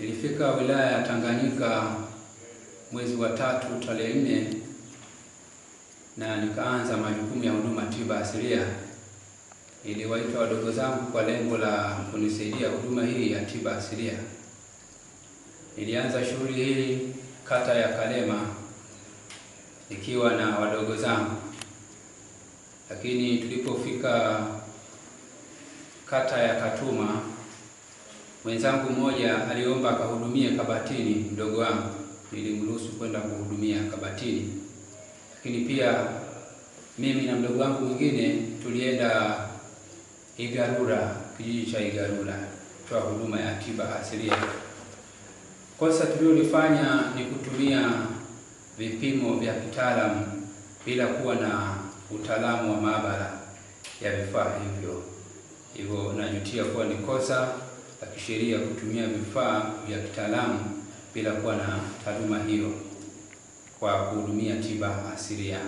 Nilifika wilaya ya Tanganyika mwezi wa tatu tarehe nne na nikaanza majukumu ya huduma tiba asilia. Niliwaita wadogo zangu kwa lengo la kunisaidia huduma hii ya tiba asilia. Nilianza shughuli hii kata ya Kalema nikiwa na wadogo zangu, lakini tulipofika kata ya Katuma Mwenzangu mmoja aliomba akahudumie Kabatini, mdogo wangu nilimruhusu kwenda kuhudumia Kabatini, lakini pia mimi na mdogo wangu mwingine tulienda Igarura, kijiji cha Igarura toa huduma ya tiba asilia. Kosa tuliolifanya ni kutumia vipimo vya kitaalamu bila kuwa na utaalamu wa maabara ya vifaa hivyo, hivyo najutia kuwa ni kosa za kisheria kutumia vifaa vya kitaalamu bila kuwa na taaluma hiyo kwa kuhudumia tiba asilia,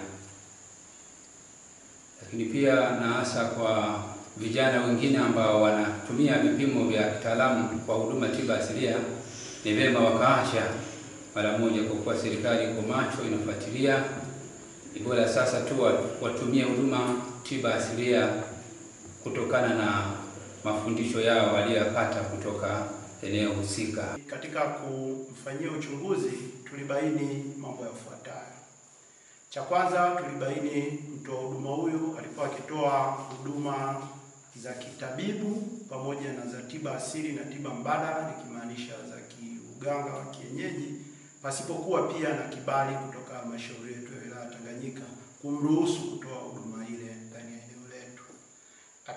lakini pia na hasa kwa vijana wengine ambao wanatumia vipimo vya kitaalamu kwa huduma tiba asilia, ni vyema wakaacha mara moja, kwa kuwa serikali iko macho, inafuatilia. Ni bora sasa tu watumie huduma tiba asilia kutokana na mafundisho yao waliyopata kutoka eneo husika. Katika kumfanyia uchunguzi, tulibaini mambo yafuatayo. Cha kwanza, tulibaini mtoa huduma huyu alikuwa akitoa huduma za kitabibu pamoja na za tiba asili na tiba mbadala, nikimaanisha za kiuganga wa kienyeji, pasipokuwa pia na kibali kutoka halmashauri yetu ya wilaya Tanganyika kumruhusu kutoa huduma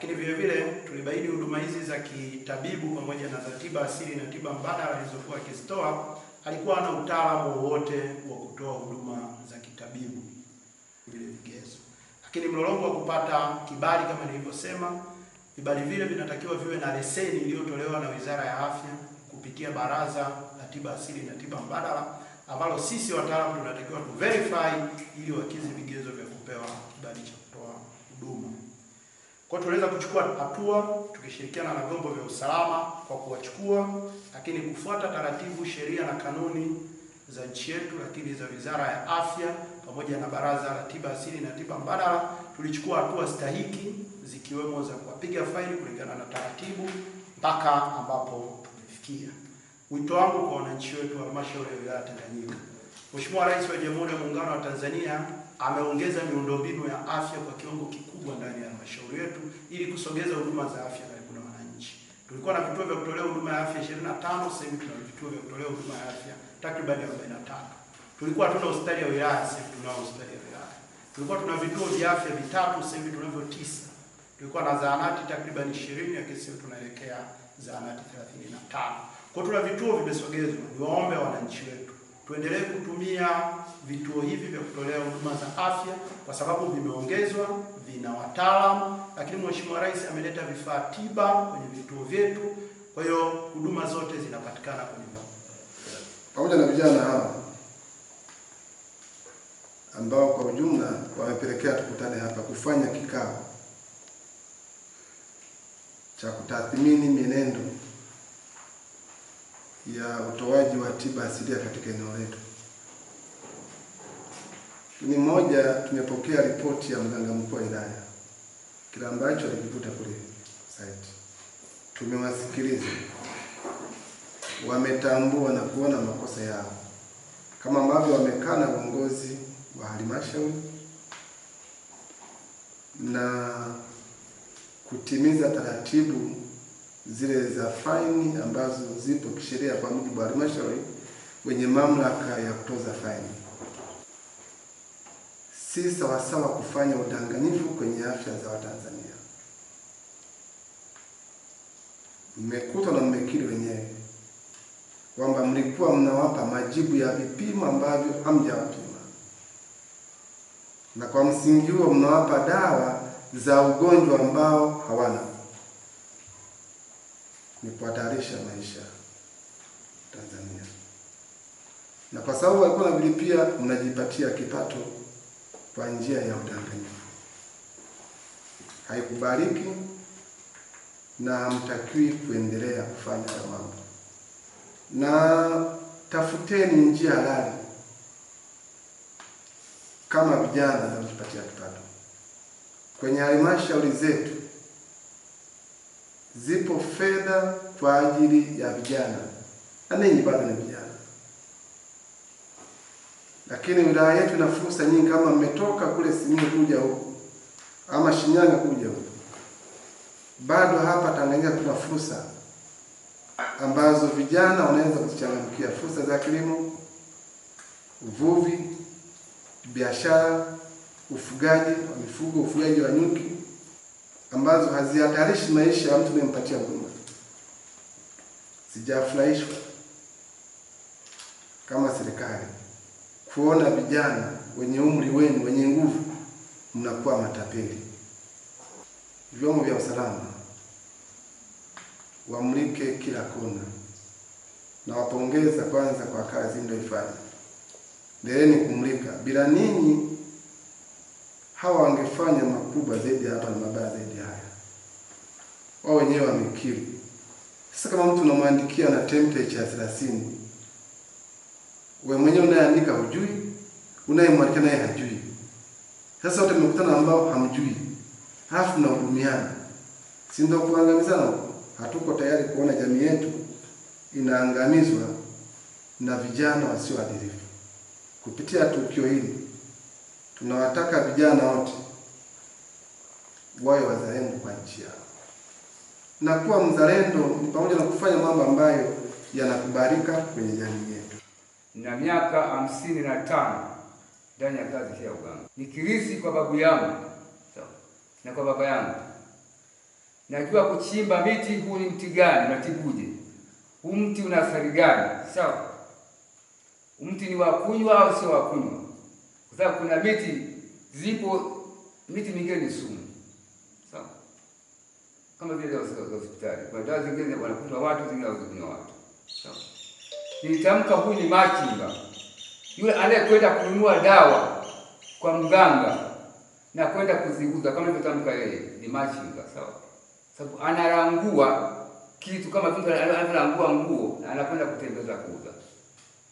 lakini vile vile tulibaini huduma hizi za kitabibu pamoja na za tiba asili na tiba mbadala alizokuwa akizitoa, alikuwa na utaalamu wowote wa kutoa huduma za kitabibu vile vigezo. Lakini mlolongo wa kupata kibali, kama nilivyosema, vibali vile vinatakiwa viwe na leseni iliyotolewa na Wizara ya Afya kupitia Baraza la Tiba Asili na Tiba Mbadala ambalo sisi wataalamu tunatakiwa verify ili wakizi vigezo vya kupewa kibali cha kutoa huduma. Kwa hiyo tunaweza kuchukua hatua tukishirikiana na vyombo vya usalama kwa kuwachukua, lakini kufuata taratibu, sheria na kanuni za nchi yetu, lakini za Wizara ya Afya pamoja na Baraza la Tiba Asili na Tiba Mbadala. Tulichukua hatua stahiki zikiwemo za kuwapiga faili kulingana na taratibu mpaka ambapo tumefikia. Wito wangu kwa wananchi wetu wa halmashauri ya wilaya Tanganyika Mheshimiwa Rais wa Jamhuri ya Muungano wa Tanzania ameongeza miundombinu ya afya kwa kiwango kikubwa ndani ya halmashauri yetu ili kusogeza huduma za afya karibu na wananchi. Tulikuwa na vituo vya kutolea huduma ya afya 25, sasa hivi tuna vituo vya kutolea huduma ya afya takriban 43. Tulikuwa hatuna hospitali ya wilaya, sasa hivi tunao hospitali ya wilaya. Tulikuwa tuna vituo vya afya vitatu, sasa hivi tunavyo tisa. Tulikuwa na zahanati takriban 20, ya kesi tunaelekea zahanati 35. Kwa tuna vituo vimesogezwa. Niwaombe wananchi wetu tuendelee kutumia vituo hivi vya kutolea huduma za afya kwa sababu vimeongezwa, vina wataalamu, lakini Mheshimiwa Rais ameleta vifaa tiba kwenye vituo vyetu. Kwa hiyo huduma zote zinapatikana kwenye pamoja na vijana hawa ambao kwa ujumla wamepelekea tukutane hapa kufanya kikao cha kutathmini mienendo ya utoaji wa tiba asilia katika eneo letu. Ni moja, tumepokea ripoti ya mganga mkuu wa wilaya kile ambacho alikivuta kule site, tumewasikiliza, wametambua na kuona makosa yao, kama ambavyo wamekaa na uongozi wa halmashauri na kutimiza taratibu zile za faini ambazo zipo kisheria kwa mujibu wa halmashauri wenye mamlaka ya kutoza faini. Si sawasawa kufanya udanganyifu kwenye afya za Watanzania. Mmekutwa na mmekiri wenyewe kwamba mlikuwa mnawapa majibu ya vipimo ambavyo hamjawapima, na kwa msingi huo mnawapa dawa za ugonjwa ambao hawana ni kuhatarisha maisha Tanzania, na kwa sababu walikuwa pia mnajipatia kipato kwa njia ya udanganyifu. haikubariki na hamtakiwi kuendelea kufanya ya mambo, na tafuteni njia halali kama vijana na mjipatia kipato kwenye halmashauri zetu zipo fedha kwa ajili ya vijana, na ninyi bado ni vijana, lakini wilaya yetu ina fursa nyingi. Kama mmetoka kule Simiyu kuja huku ama Shinyanga kuja huku, bado hapa Tanganyika tuna fursa ambazo vijana wanaweza kuzichangamkia, fursa za kilimo, uvuvi, biashara, ufugaji wa mifugo, ufugaji wa nyuki ambazo hazihatarishi maisha ya mtu anayempatia huduma. Sijafurahishwa kama serikali kuona vijana wenye umri wenu wenye nguvu mnakuwa matapeli. Vyombo vya usalama wamlike kila kona. Nawapongeza kwanza kwa kazi mnayoifanya, ndeleni kumlika. Bila ninyi hawa wangefanya makubwa zaidi hapa na mabaya zaidi haya. Wao wenyewe wamekiri. Sasa kama mtu unamwandikia na temperature ya 30, wewe mwenyewe unayeandika hujui, unayemwandikia naye hajui. Sasa wote mmekutana ambao hamjui, halafu mnahudumiana, si ndio kuangamizana Hatuko tayari kuona jamii yetu inaangamizwa na vijana wasioadilifu kupitia tukio hili. Tunawataka vijana wote wawe wazalendo kwa nchi yao, na kuwa mzalendo ni pamoja na kufanya mambo ambayo yanakubalika kwenye jamii yetu. Na miaka hamsini na tano ndani ya kazi hii ya uganga, nikirithi kwa babu yangu na kwa baba yangu. Najua kuchimba miti, huu ni mti gani, natibuje Huu mti una athari gani? Sawa, mti ni wa kunywa au sio wa kunywa? sababu kuna miti zipo, miti mingine ni sumu, sawa, kama vile za hospitali. Kuna dawa zingine wanakunywa watu, zingine hawakunywa watu, sawa. Nilitamka huyu ni machinga, yule anayekwenda kununua dawa kwa mganga na kwenda kuziuza, kama nilivyotamka, yeye ni machinga, sawa, sababu analangua kitu kama vile analangua nguo, anakwenda kutembeza kuuza